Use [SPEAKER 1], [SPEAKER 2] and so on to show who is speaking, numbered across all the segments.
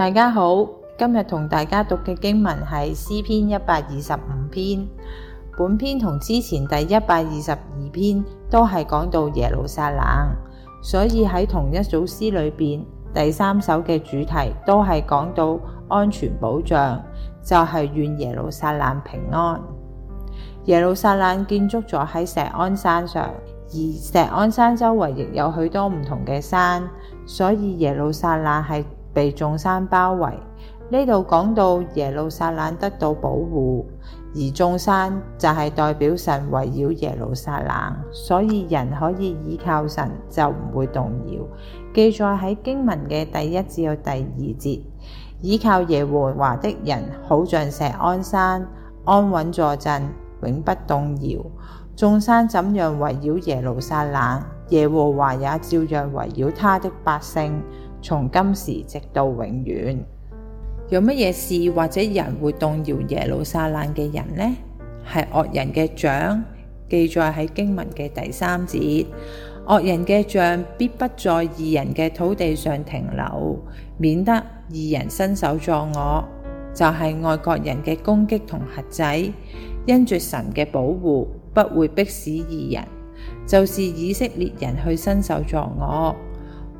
[SPEAKER 1] 大家好，今日同大家讀嘅經文係詩篇一百二十五篇。本篇同之前第一百二十二篇都係講到耶路撒冷，所以喺同一組詩裏邊，第三首嘅主題都係講到安全保障，就係、是、願耶路撒冷平安。耶路撒冷建築咗喺錫安山上，而錫安山周圍亦有許多唔同嘅山，所以耶路撒冷係。被眾山包圍，呢度講到耶路撒冷得到保護，而眾山就係代表神圍繞耶路撒冷，所以人可以依靠神就唔會動搖。記載喺經文嘅第一至第二節，倚靠耶和華的人好像錫安山，安穩坐鎮，永不動搖。眾山怎樣圍繞耶路撒冷？耶和華也照樣圍繞他的百姓，從今時直到永遠。有乜嘢事或者人會動搖耶路撒冷嘅人呢？係惡人嘅杖，記載喺經文嘅第三節。惡人嘅杖必不在義人嘅土地上停留，免得義人伸手作惡。就係、是、外國人嘅攻擊同轄制，因著神嘅保護，不會逼使義人。就是以色列人去伸手作惡，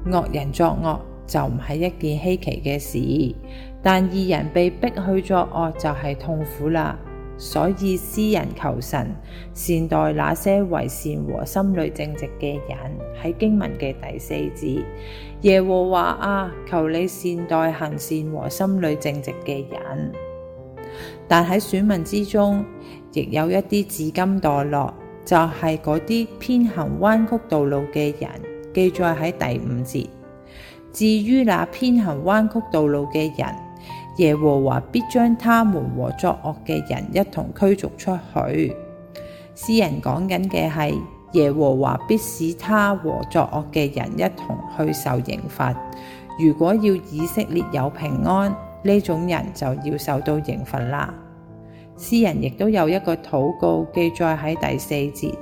[SPEAKER 1] 惡人作惡就唔係一件稀奇嘅事。但義人被逼去作惡就係痛苦啦。所以詩人求神善待那些為善和心裏正直嘅人，喺經文嘅第四節，耶和華啊，求你善待行善和心裏正直嘅人。但喺選民之中，亦有一啲至今墮落。就係嗰啲偏行彎曲道路嘅人，記載喺第五節。至於那偏行彎曲道路嘅人，耶和華必將他們和作惡嘅人一同驅逐出去。詩人講緊嘅係，耶和華必使他和作惡嘅人一同去受刑罰。如果要以色列有平安，呢種人就要受到刑罰啦。詩人亦都有一個禱告記載喺第四節，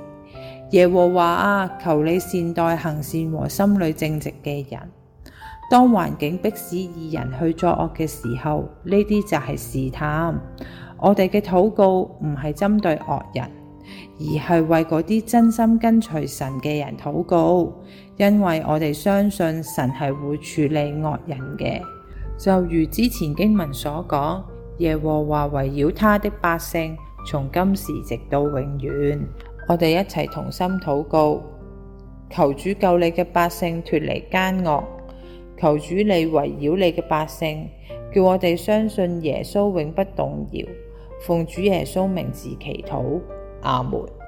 [SPEAKER 1] 耶和華啊，求你善待行善和心裡正直嘅人。當環境迫使義人去作惡嘅時候，呢啲就係試探。我哋嘅禱告唔係針對惡人，而係為嗰啲真心跟隨神嘅人禱告，因為我哋相信神係會處理惡人嘅。就如之前經文所講。耶和華圍繞他的百姓，從今時直到永遠。 我哋一齊同心禱告，求主救你嘅百姓脫離奸惡，求主你圍繞你嘅百姓，叫我哋相信耶穌永不動搖。奉主耶穌名字祈禱，阿門。